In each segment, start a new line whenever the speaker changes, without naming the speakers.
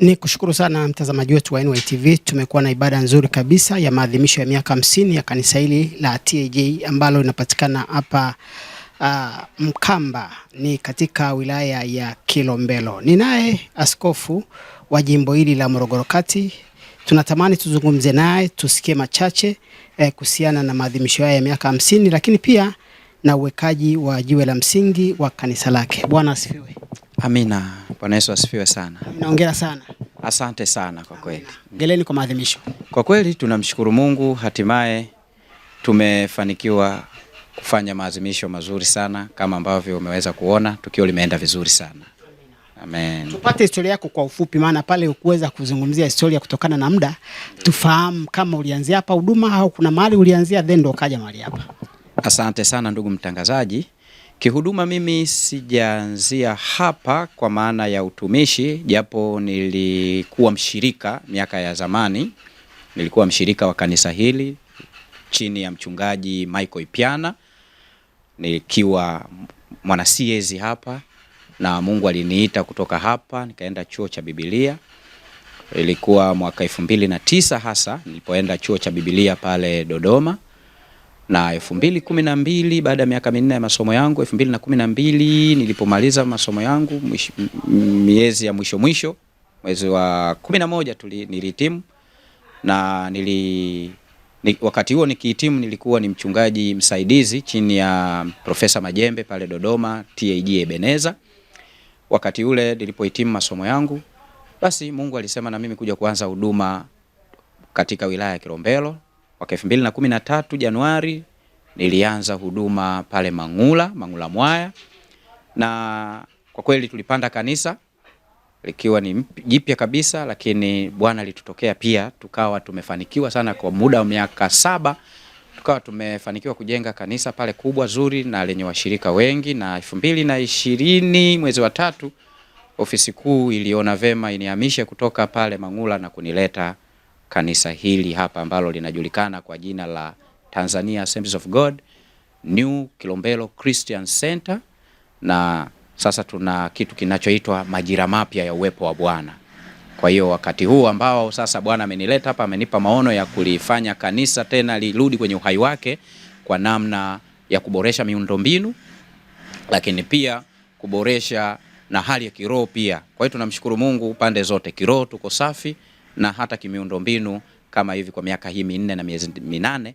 Ni kushukuru sana mtazamaji wetu wa NYTV. Tumekuwa na ibada nzuri kabisa ya maadhimisho ya miaka hamsini ya kanisa hili la TAJ ambalo linapatikana hapa uh, Mkamba ni katika wilaya ya Kilombero. Ni naye askofu wa jimbo hili la Morogoro Kati. Tunatamani tuzungumze naye tusikie machache eh, kuhusiana na maadhimisho haya ya miaka hamsini, lakini pia na uwekaji wa jiwe la msingi wa kanisa lake. Bwana asifiwe.
Amina. Bwana Yesu asifiwe sana.
Naongera sana.
Asante sana kwa kweli.
Geleni kwa maadhimisho.
Kwa kweli tunamshukuru Mungu, hatimaye tumefanikiwa kufanya maadhimisho mazuri sana kama ambavyo umeweza kuona, tukio limeenda vizuri sana. Amen.
Tupate historia yako kwa ufupi, maana pale ukuweza kuzungumzia historia kutokana na muda, tufahamu kama ulianzia hapa huduma au kuna mahali ulianzia then ndo ukaja mahali hapa.
Asante sana ndugu mtangazaji. Kihuduma mimi sijaanzia hapa kwa maana ya utumishi, japo nilikuwa mshirika miaka ya zamani. Nilikuwa mshirika wa kanisa hili chini ya mchungaji Michael ipiana nikiwa mwanasiezi hapa, na Mungu aliniita kutoka hapa nikaenda chuo cha Biblia. Ilikuwa mwaka elfu mbili na tisa hasa nilipoenda chuo cha Biblia pale Dodoma na elfu mbili kumi na mbili baada ya miaka minne ya masomo yangu, elfu mbili na kumi na mbili nilipomaliza masomo yangu mwish, miezi ya mwisho mwisho mwezi wa kumi na moja nilihitimu na nili, ni, wakati huo nikihitimu nilikuwa ni mchungaji msaidizi chini ya Profesa Majembe pale Dodoma TAG Ebeneza. Wakati ule nilipohitimu masomo yangu, basi Mungu alisema na mimi kuja kuanza huduma katika wilaya ya Kilombero Mwaka elfu mbili na kumi na tatu Januari nilianza huduma pale Mang'ula, Mang'ula Mwaya, na kwa kweli tulipanda kanisa likiwa ni jipya kabisa, lakini Bwana alitutokea pia, tukawa tumefanikiwa sana kwa muda wa miaka saba tukawa tumefanikiwa kujenga kanisa pale kubwa zuri na lenye washirika wengi, na elfu mbili na ishirini mwezi wa tatu ofisi kuu iliona vema inihamishe kutoka pale Mang'ula na kunileta kanisa hili hapa ambalo linajulikana kwa jina la Tanzania Assemblies of God New Kilombero Christian Center, na sasa tuna kitu kinachoitwa majira mapya ya uwepo wa Bwana. Kwa hiyo wakati huu ambao sasa Bwana amenileta hapa, amenipa maono ya kulifanya kanisa tena lirudi kwenye uhai wake kwa namna ya kuboresha miundombinu, lakini pia kuboresha na hali ya kiroho pia. Kwa hiyo tunamshukuru Mungu pande zote, kiroho tuko safi na hata kimiundombinu kama hivi kwa miaka hii minne na miezi minane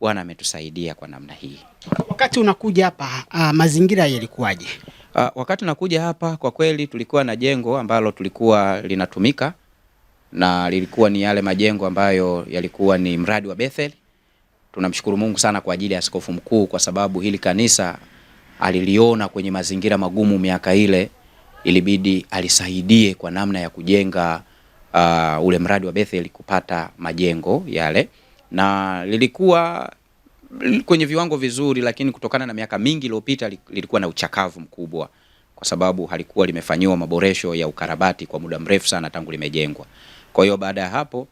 Bwana ametusaidia kwa namna hii.
Wakati unakuja hapa uh, mazingira yalikuwaje?
Uh, wakati unakuja hapa kwa kweli tulikuwa na jengo ambalo tulikuwa linatumika na lilikuwa ni yale majengo ambayo yalikuwa ni mradi wa Bethel. Tunamshukuru Mungu sana kwa ajili ya askofu mkuu kwa sababu hili kanisa aliliona kwenye mazingira magumu miaka ile, ilibidi alisaidie kwa namna ya kujenga uh, ule mradi wa Bethel kupata majengo yale, na lilikuwa kwenye viwango vizuri, lakini kutokana na miaka mingi iliyopita lilikuwa na uchakavu mkubwa, kwa sababu halikuwa limefanyiwa maboresho ya ukarabati kwa muda mrefu sana tangu limejengwa. Kwa hiyo baada ya hapo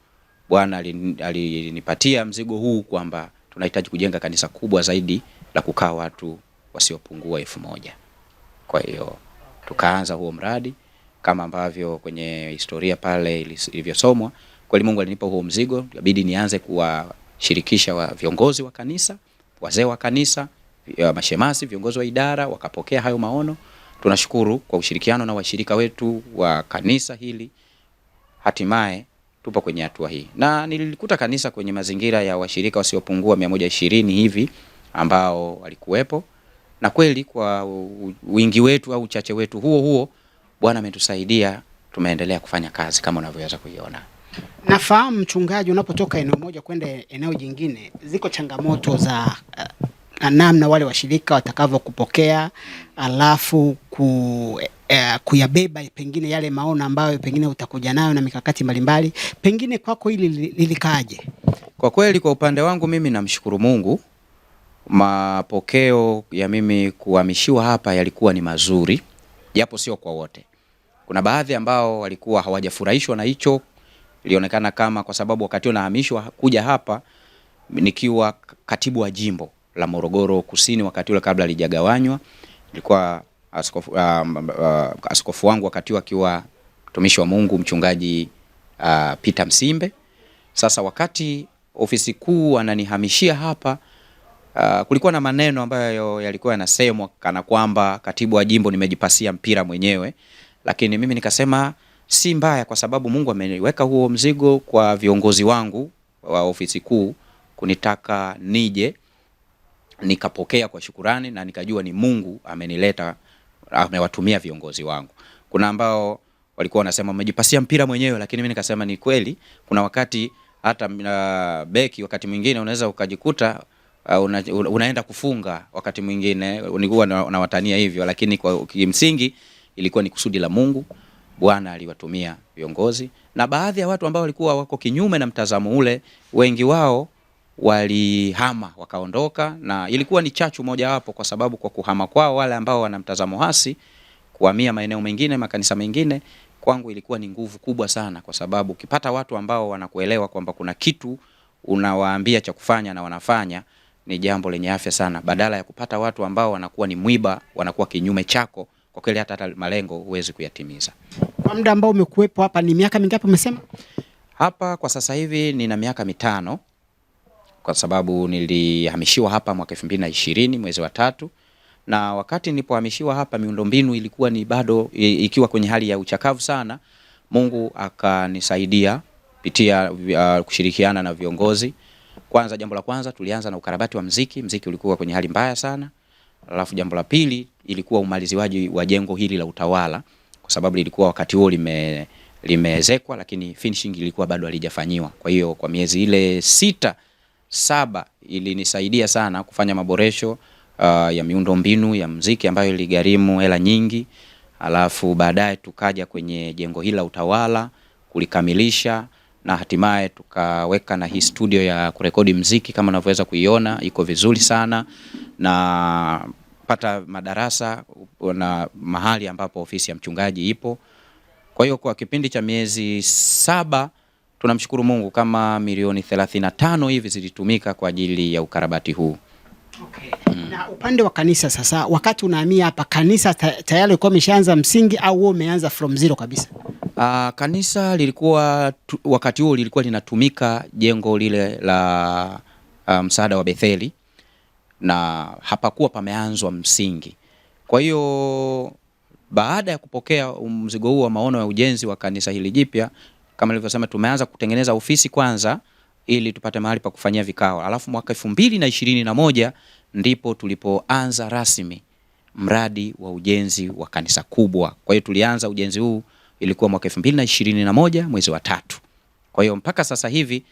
Bwana alinipatia mzigo huu kwamba tunahitaji kujenga kanisa kubwa zaidi la kukaa watu wasiopungua elfu moja. Kwa hiyo tukaanza huo mradi kama ambavyo kwenye historia pale ilivyosomwa. Kweli Mungu alinipa huo mzigo, inabidi nianze kuwashirikisha wa viongozi wa kanisa, wazee wa kanisa, mashemasi, viongozi wa idara, wakapokea hayo maono. Tunashukuru kwa ushirikiano na washirika wetu wa kanisa hili, hatimaye tupo kwenye hatua hii, na nilikuta kanisa kwenye mazingira ya washirika wasiopungua ishirini hivi ambao walikuwepo, na kweli kwa wingi wetu au uchache wetu huo huo Bwana ametusaidia, tumeendelea kufanya kazi kama unavyoweza kuiona.
Nafahamu mchungaji, unapotoka eneo moja kwenda eneo jingine, ziko changamoto za uh, namna wale washirika watakavyokupokea alafu ku Uh, kuyabeba pengine yale maono ambayo pengine utakuja nayo na mikakati mbalimbali, pengine kwako hili lilikaaje?
Kwa kweli, kwa upande wangu mimi namshukuru Mungu, mapokeo ya mimi kuhamishiwa hapa yalikuwa ni mazuri japo sio kwa wote. Kuna baadhi ambao walikuwa hawajafurahishwa na hicho, ilionekana kama kwa sababu wakati nahamishwa kuja hapa nikiwa katibu wa jimbo la Morogoro Kusini wakati ule kabla lijagawanywa, nilikuwa askofu, um, uh, askofu wangu wakati akiwa mtumishi wa Mungu mchungaji uh, Peter Msimbe. Sasa wakati ofisi kuu ananihamishia hapa Uh, kulikuwa na maneno ambayo yalikuwa yanasemwa kana kwamba katibu wa jimbo nimejipasia mpira mwenyewe, lakini mimi nikasema si mbaya, kwa sababu Mungu ameniweka huo mzigo kwa viongozi wangu wa ofisi kuu kunitaka nije, nikapokea kwa shukurani na nikajua ni Mungu amenileta, amewatumia viongozi wangu. Kuna ambao walikuwa wanasema umejipasia mpira mwenyewe, lakini mimi nikasema ni kweli, kuna wakati hata uh, beki wakati mwingine unaweza ukajikuta uh, una, unaenda kufunga wakati mwingine nilikuwa nawatania hivyo, lakini kwa kimsingi ilikuwa ni kusudi la Mungu. Bwana aliwatumia viongozi na baadhi ya watu ambao walikuwa wako kinyume na mtazamo ule, wengi wao walihama wakaondoka, na ilikuwa ni chachu mojawapo, kwa sababu kwa kuhama kwao wale ambao wana mtazamo hasi kuhamia maeneo mengine, makanisa mengine, kwangu ilikuwa ni nguvu kubwa sana, kwa sababu ukipata watu ambao wanakuelewa kwamba kuna kitu unawaambia cha kufanya na wanafanya ni jambo lenye afya sana, badala ya kupata watu ambao wanakuwa ni mwiba, wanakuwa kinyume chako. Kwa kweli hata hata malengo huwezi kuyatimiza.
Kwa muda ambao umekuwepo hapa, ni miaka mingapi umesema?
Hapa kwa sasa hivi nina miaka mitano kwa sababu nilihamishiwa hapa mwaka 2020 mwezi wa tatu, na wakati nilipohamishiwa hapa miundombinu ilikuwa ni bado ikiwa kwenye hali ya uchakavu sana. Mungu akanisaidia kupitia uh, kushirikiana na viongozi kwanza, jambo la kwanza tulianza na ukarabati wa mziki. Mziki ulikuwa kwenye hali mbaya sana, alafu jambo la pili ilikuwa umaliziwaji wa jengo hili la utawala, kwa sababu lilikuwa wakati huo lime limeezekwa lakini finishing ilikuwa bado halijafanyiwa. Kwa hiyo kwa miezi ile sita saba ilinisaidia sana kufanya maboresho uh, ya miundo mbinu ya mziki ambayo iligharimu hela nyingi, alafu baadaye tukaja kwenye jengo hili la utawala kulikamilisha na hatimaye tukaweka na hii studio ya kurekodi mziki kama unavyoweza kuiona iko vizuri sana, na pata madarasa na mahali ambapo ofisi ya mchungaji ipo. Kwa hiyo kwa kipindi cha miezi saba tunamshukuru Mungu kama milioni 35 hivi zilitumika kwa ajili ya ukarabati huu.
Okay. Mm. Na upande wa kanisa sasa, wakati unahamia hapa kanisa tayari ilikuwa imeshaanza msingi au wewe umeanza from zero kabisa?
Uh, kanisa lilikuwa tu, wakati huo lilikuwa linatumika jengo lile la uh, msaada wa Betheli na hapakuwa pameanzwa msingi. Kwa hiyo baada ya kupokea mzigo huu wa maono ya ujenzi wa kanisa hili jipya, kama nilivyosema, tumeanza kutengeneza ofisi kwanza ili tupate mahali pa kufanyia vikao. Alafu mwaka elfu mbili na ishirini na moja ndipo tulipoanza rasmi mradi wa ujenzi wa kanisa kubwa. Kwa hiyo tulianza ujenzi huu ilikuwa mwaka elfu mbili na ishirini na moja mwezi wa tatu. Kwa hiyo mpaka sasa hivi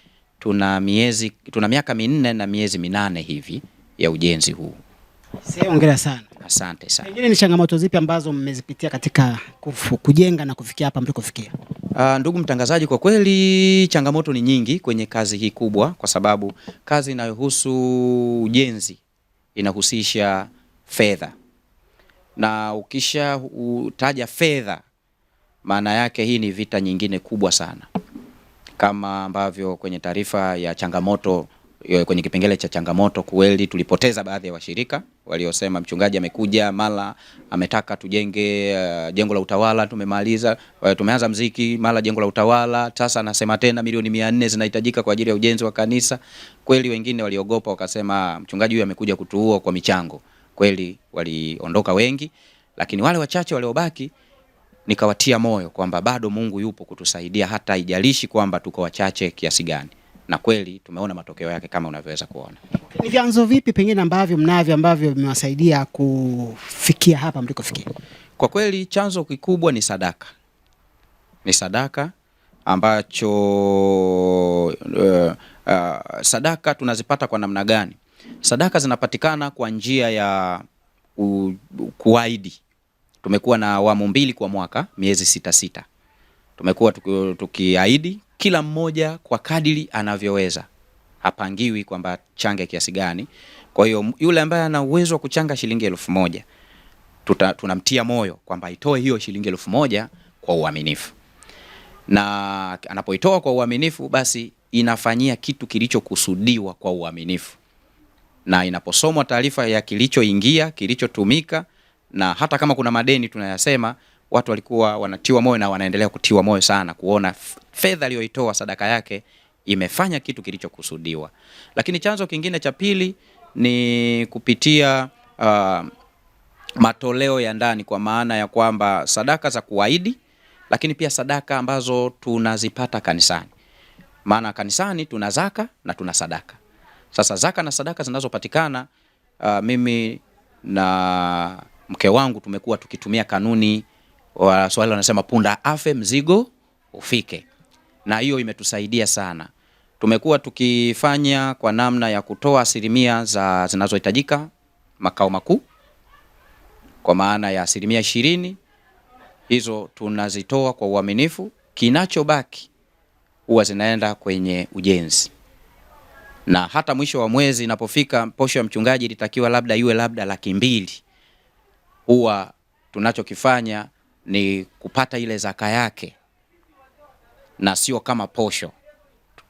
tuna miezi tuna miaka minne na miezi minane hivi ya ujenzi huu.
Sio, hongera sana.
Asante sana.
Pengine ni changamoto zipi ambazo mmezipitia katika kufu, kujenga na kufikia hapa mlikofikia?
Uh, ndugu mtangazaji, kwa kweli changamoto ni nyingi kwenye kazi hii kubwa, kwa sababu kazi inayohusu ujenzi inahusisha fedha, na ukisha utaja fedha, maana yake hii ni vita nyingine kubwa sana, kama ambavyo kwenye taarifa ya changamoto kwenye kipengele cha changamoto, kweli tulipoteza baadhi ya washirika waliosema mchungaji amekuja mala ametaka tujenge uh, jengo la utawala tumemaliza, uh, tumeanza mziki mala jengo la utawala sasa, anasema tena milioni mia nne zinahitajika kwa ajili ya ujenzi wa kanisa. Kweli wengine waliogopa wakasema mchungaji huyu amekuja kutuua kwa michango. Kweli waliondoka wengi, lakini wale wachache waliobaki nikawatia moyo kwamba bado Mungu yupo kutusaidia, hata ijalishi kwamba tuko wachache kiasi gani na kweli tumeona matokeo yake kama unavyoweza kuona.
Ni vyanzo vipi pengine ambavyo mnavyo ambavyo vimewasaidia kufikia hapa mlikofikia?
Kwa kweli chanzo kikubwa ni sadaka, ni sadaka ambacho uh, uh, sadaka tunazipata kwa namna gani? Sadaka zinapatikana kwa njia ya kuahidi. Tumekuwa na awamu mbili kwa mwaka, miezi sita sita, tumekuwa tukiahidi kila mmoja kwa kadiri anavyoweza, hapangiwi kwamba change kiasi gani. Kwa hiyo yule ambaye ana uwezo wa kuchanga shilingi elfu moja tuta, tunamtia moyo kwamba itoe hiyo shilingi elfu moja kwa uaminifu, na anapoitoa kwa uaminifu, basi inafanyia kitu kilichokusudiwa kwa uaminifu, na inaposomwa taarifa ya kilichoingia, kilichotumika, na hata kama kuna madeni tunayasema watu walikuwa wanatiwa moyo na wanaendelea kutiwa moyo sana kuona fedha aliyoitoa sadaka yake imefanya kitu kilichokusudiwa. Lakini chanzo kingine cha pili ni kupitia uh, matoleo ya ndani, kwa maana ya kwamba sadaka za kuahidi, lakini pia sadaka ambazo tunazipata kanisani, maana kanisani tuna zaka na tuna sadaka. Sasa zaka na sadaka zinazopatikana, uh, mimi na mke wangu tumekuwa tukitumia kanuni Waswahili wanasema punda afe mzigo ufike, na hiyo imetusaidia sana. Tumekuwa tukifanya kwa namna ya kutoa asilimia za zinazohitajika makao makuu, kwa maana ya asilimia ishirini, hizo tunazitoa kwa uaminifu. Kinachobaki huwa zinaenda kwenye ujenzi, na hata mwisho wa mwezi inapofika, posho ya mchungaji ilitakiwa labda iwe labda laki mbili, huwa tunachokifanya ni kupata ile zaka yake na sio kama posho,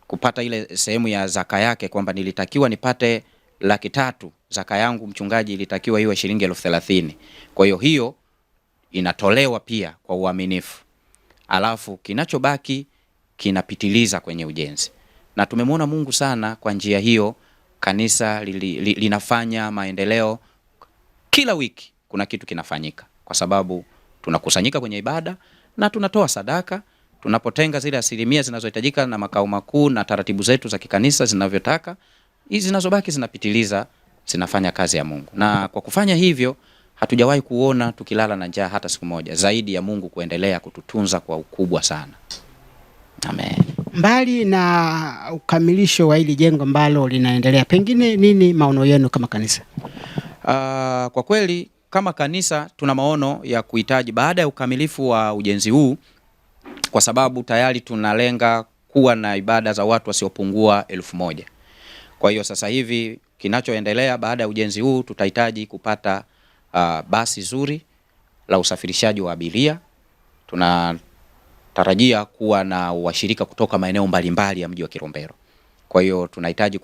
kupata ile sehemu ya zaka yake, kwamba nilitakiwa nipate laki tatu, zaka yangu mchungaji ilitakiwa iwe shilingi elfu thelathini. Kwa hiyo hiyo inatolewa pia kwa uaminifu, alafu kinachobaki kinapitiliza kwenye ujenzi, na tumemwona Mungu sana kwa njia hiyo. Kanisa li, li, linafanya maendeleo kila wiki, kuna kitu kinafanyika kwa sababu Tunakusanyika kwenye ibada na tunatoa sadaka tunapotenga zile asilimia zinazohitajika na makao makuu na taratibu zetu za kikanisa zinavyotaka. Hizi zinazobaki zinapitiliza, zinafanya kazi ya Mungu, na kwa kufanya hivyo hatujawahi kuona tukilala na njaa hata siku moja, zaidi ya Mungu kuendelea kututunza kwa ukubwa sana. Amen.
Mbali na ukamilisho wa hili jengo ambalo linaendelea, pengine nini maono yenu kama kanisa?
Uh, kwa kweli kama kanisa tuna maono ya kuhitaji baada ya ukamilifu wa ujenzi huu, kwa sababu tayari tunalenga kuwa na ibada za watu wasiopungua elfu moja. Kwa hiyo sasa hivi kinachoendelea baada ya ujenzi huu tutahitaji kupata uh, basi zuri la usafirishaji wa abiria. Tunatarajia kuwa na washirika kutoka maeneo mbalimbali ya mji wa Kilombero. Kwa hiyo tunahitaji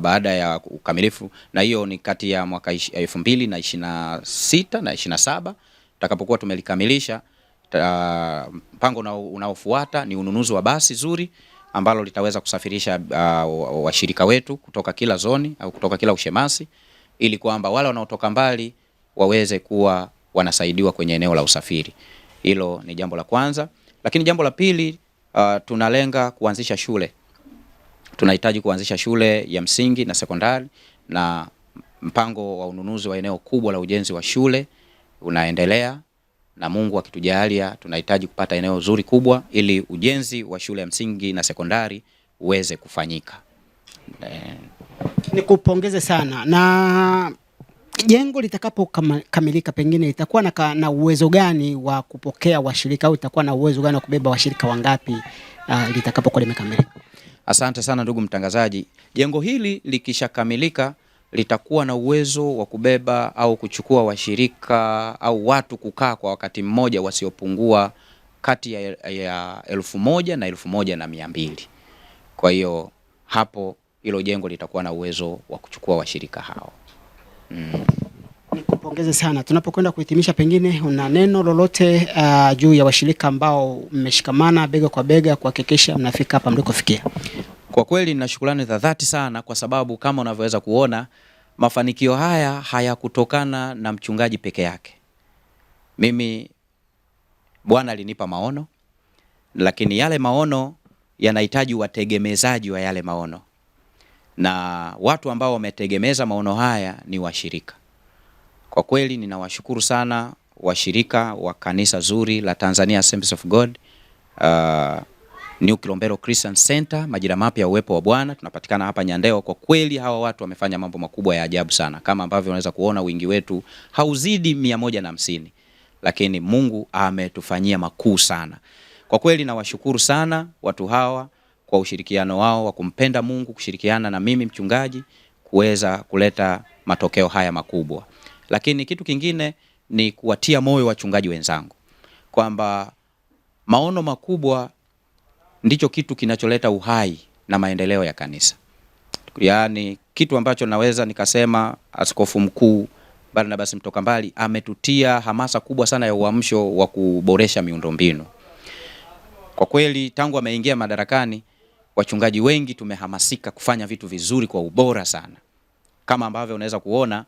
baada ya ukamilifu, na hiyo ni kati ya mwaka elfu mbili na ishirini na sita na saba tutakapokuwa tumelikamilisha mpango unaofuata ni ununuzi wa basi zuri ambalo litaweza kusafirisha uh, washirika wetu kutoka kila zoni au kutoka kila ushemasi ili kwamba wale wanaotoka mbali waweze kuwa wanasaidiwa kwenye eneo la usafiri. Hilo ni jambo la kwanza, lakini jambo la pili uh, tunalenga kuanzisha shule Tunahitaji kuanzisha shule ya msingi na sekondari na mpango wa ununuzi wa eneo kubwa la ujenzi wa shule unaendelea, na Mungu akitujalia tunahitaji kupata eneo zuri kubwa ili ujenzi wa shule ya msingi na sekondari uweze kufanyika.
Nikupongeze sana. Na jengo litakapokamilika pengine litakuwa na, na uwezo gani wa kupokea washirika au litakuwa na uwezo gani wa kubeba washirika wangapi uh, litakapokuwa limekamilika?
Asante sana ndugu mtangazaji. Jengo hili likishakamilika litakuwa na uwezo wa kubeba au kuchukua washirika au watu kukaa kwa wakati mmoja wasiopungua kati ya, ya elfu moja na elfu moja na mia mbili. Kwa hiyo hapo hilo jengo litakuwa na uwezo wa kuchukua washirika hao mm.
Nikupongeze sana. Tunapokwenda kuhitimisha, pengine una neno lolote uh, juu ya washirika ambao mmeshikamana bega kwa bega kuhakikisha mnafika hapa mlikofikia?
Kwa kweli nina shukrani za dhati sana kwa sababu kama unavyoweza kuona mafanikio haya hayakutokana na mchungaji peke yake. Mimi Bwana alinipa maono, lakini yale maono yanahitaji wategemezaji wa yale maono, na watu ambao wametegemeza maono haya ni washirika. Kwa kweli ninawashukuru sana washirika wa kanisa zuri la Tanzania Assemblies of God uh, New Kilombero Christian Center, majira mapya ya uwepo wa Bwana. Tunapatikana hapa Nyandeo. Kwa kweli hawa watu wamefanya mambo makubwa ya ajabu sana, kama ambavyo unaweza kuona wingi wetu hauzidi mia moja na hamsini, lakini Mungu ametufanyia makuu sana. Kwa kweli nawashukuru sana watu hawa kwa ushirikiano wao wa kumpenda Mungu, kushirikiana na mimi mchungaji kuweza kuleta matokeo haya makubwa. Lakini kitu kingine ni kuwatia moyo wachungaji wenzangu kwamba maono makubwa ndicho kitu kinacholeta uhai na maendeleo ya kanisa. Yaani kitu ambacho naweza nikasema askofu mkuu Barnabas mtoka mbali ametutia hamasa kubwa sana ya uamsho wa kuboresha miundombinu. Kwa kweli tangu ameingia madarakani wachungaji wengi tumehamasika kufanya vitu vizuri kwa ubora sana, kama ambavyo unaweza kuona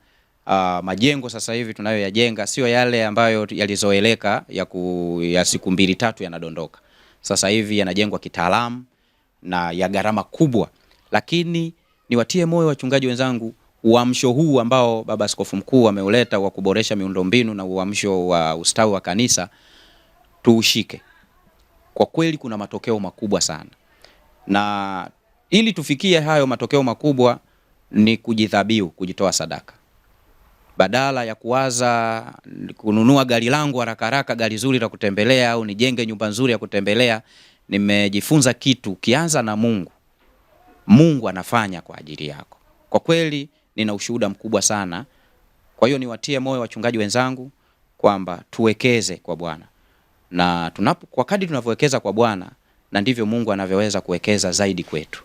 uh, majengo sasa hivi tunayoyajenga sio yale ambayo yalizoeleka ya, ya siku mbili tatu yanadondoka sasa hivi yanajengwa kitaalamu na ya gharama kubwa, lakini niwatie moyo wachungaji wenzangu, uamsho huu ambao baba askofu mkuu ameuleta wa kuboresha miundombinu na uamsho wa ustawi wa kanisa tuushike. Kwa kweli kuna matokeo makubwa sana, na ili tufikie hayo matokeo makubwa ni kujidhabiu, kujitoa sadaka badala ya kuwaza kununua gari langu haraka haraka, gari zuri la kutembelea au nijenge nyumba nzuri ya kutembelea, nimejifunza kitu. kianza na Mungu, Mungu anafanya kwa ajili yako. Kwa kweli nina ushuhuda mkubwa sana. Kwa hiyo niwatie moyo wachungaji wenzangu kwamba tuwekeze kwa Bwana na tunapo, kwa kadri tunavyowekeza kwa Bwana na ndivyo Mungu anavyoweza kuwekeza zaidi kwetu.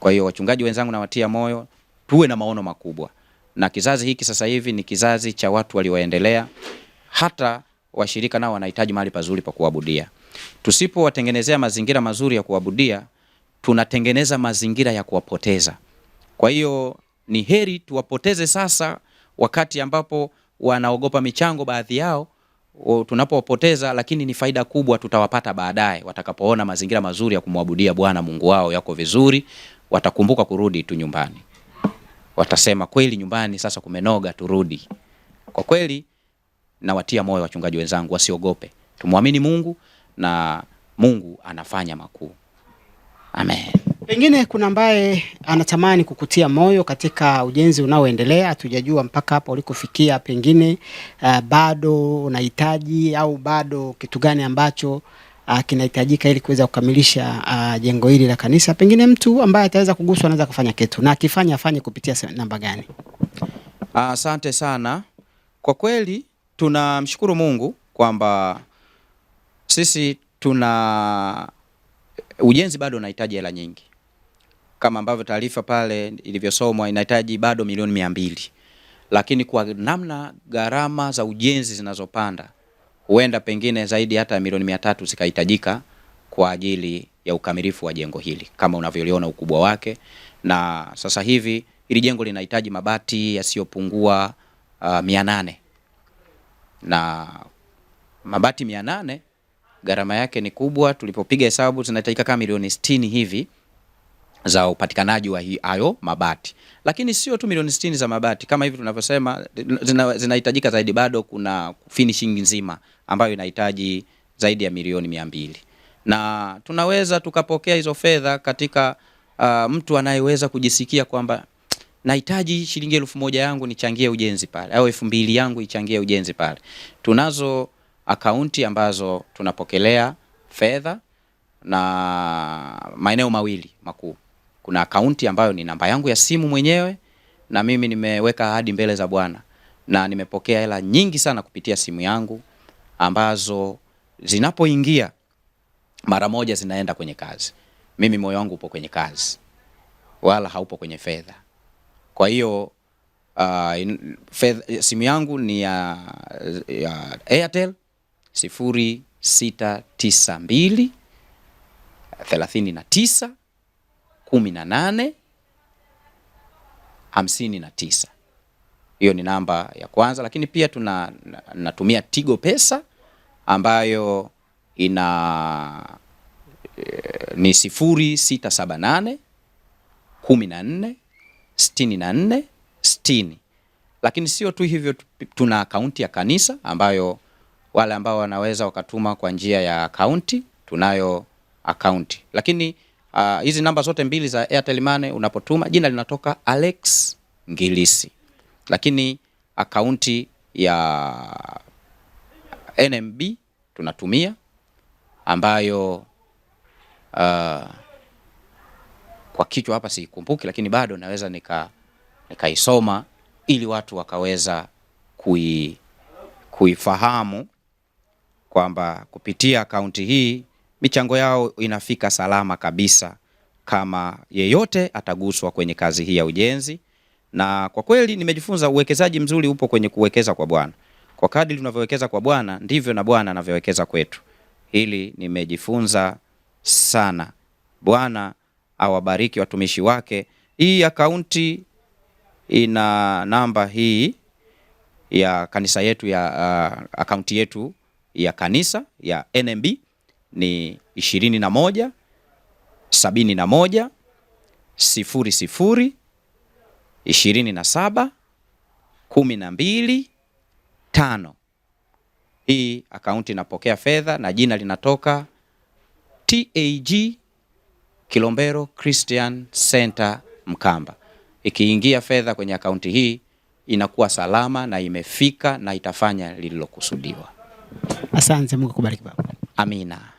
Kwa hiyo wachungaji wenzangu, nawatia moyo tuwe na maono makubwa na kizazi hiki sasa hivi ni kizazi cha watu walioendelea, hata washirika nao wanahitaji mahali pazuri pa kuabudia. Tusipowatengenezea mazingira mazuri ya kuabudia, tunatengeneza mazingira ya kuwapoteza. Kwa hiyo ni heri tuwapoteze sasa, wakati ambapo wanaogopa michango baadhi yao. Tunapowapoteza, lakini ni faida kubwa tutawapata baadaye, watakapoona mazingira mazuri ya kumwabudia Bwana Mungu wao yako vizuri, watakumbuka kurudi tu nyumbani watasema kweli nyumbani sasa kumenoga, turudi. Kwa kweli nawatia moyo wachungaji wenzangu wasiogope, tumwamini Mungu na Mungu anafanya makuu. Amen.
Pengine kuna ambaye anatamani kukutia moyo katika ujenzi unaoendelea, hatujajua mpaka hapa ulikofikia, pengine uh, bado unahitaji au bado kitu gani ambacho uh, kinahitajika ili kuweza kukamilisha uh, jengo hili la kanisa. Pengine mtu ambaye ataweza kuguswa anaweza kufanya kitu, na akifanya afanye kupitia namba gani?
Ah, asante uh, sana. Kwa kweli tunamshukuru Mungu kwamba sisi tuna ujenzi bado unahitaji hela nyingi, kama ambavyo taarifa pale ilivyosomwa inahitaji bado milioni mia mbili, lakini kwa namna gharama za ujenzi zinazopanda huenda pengine zaidi hata milioni mia tatu zikahitajika kwa ajili ya ukamilifu wa jengo hili kama unavyoliona ukubwa wake, na sasa hivi hili jengo linahitaji mabati yasiyopungua uh, mia nane na mabati mia nane gharama yake ni kubwa. Tulipopiga hesabu zinahitajika kama milioni sitini hivi za upatikanaji wa hayo mabati, lakini sio tu milioni sitini za mabati kama hivi tunavyosema, zinahitajika zaidi. Bado kuna finishing nzima ambayo inahitaji zaidi ya milioni mia mbili na tunaweza tukapokea hizo fedha katika uh, mtu anayeweza kujisikia kwamba nahitaji shilingi elfu moja yangu nichangie ujenzi pale, au elfu mbili yangu ichangie ujenzi pale. Tunazo akaunti ambazo tunapokelea fedha na maeneo mawili makuu kuna akaunti ambayo ni namba yangu ya simu mwenyewe na mimi nimeweka ahadi mbele za Bwana na nimepokea hela nyingi sana kupitia simu yangu ambazo zinapoingia mara moja zinaenda kwenye kazi. Mimi moyo wangu upo kwenye kazi, wala haupo kwenye fedha. Kwa hiyo uh, fedha, simu yangu ni ya, ya Airtel 0692 kumi na nane hamsini na tisa. Hiyo ni namba ya kwanza, lakini pia tuna natumia Tigo Pesa ambayo ina e, ni sifuri sita saba nane kumi na nne sitini na nne sitini. Lakini sio tu hivyo, tuna akaunti ya kanisa ambayo wale ambao wanaweza wakatuma kwa njia ya akaunti, tunayo akaunti lakini Ah, hizi uh, namba zote mbili za Airtel Money unapotuma jina linatoka Alex Ngilisi, lakini akaunti ya NMB tunatumia ambayo uh, kwa kichwa hapa siikumbuki, lakini bado naweza nika nikaisoma ili watu wakaweza kui, kuifahamu kwamba kupitia akaunti hii michango yao inafika salama kabisa kama yeyote ataguswa kwenye kazi hii ya ujenzi. Na kwa kweli nimejifunza uwekezaji mzuri upo kwenye kuwekeza kwa Bwana. Kwa kadri tunavyowekeza kwa Bwana ndivyo na Bwana anavyowekeza kwetu. Hili nimejifunza sana. Bwana awabariki watumishi wake. Hii akaunti ina namba hii ya kanisa yetu ya uh, akaunti yetu ya kanisa ya NMB ni ishirini na moja sabini na moja sifuri sifuri ishirini na saba kumi na mbili tano. Hii akaunti inapokea fedha na jina linatoka TAG Kilombero Christian Center Mkamba. Ikiingia fedha kwenye akaunti hii inakuwa salama na imefika na itafanya lililokusudiwa.
Asante, Mungu kubariki baba.
Amina.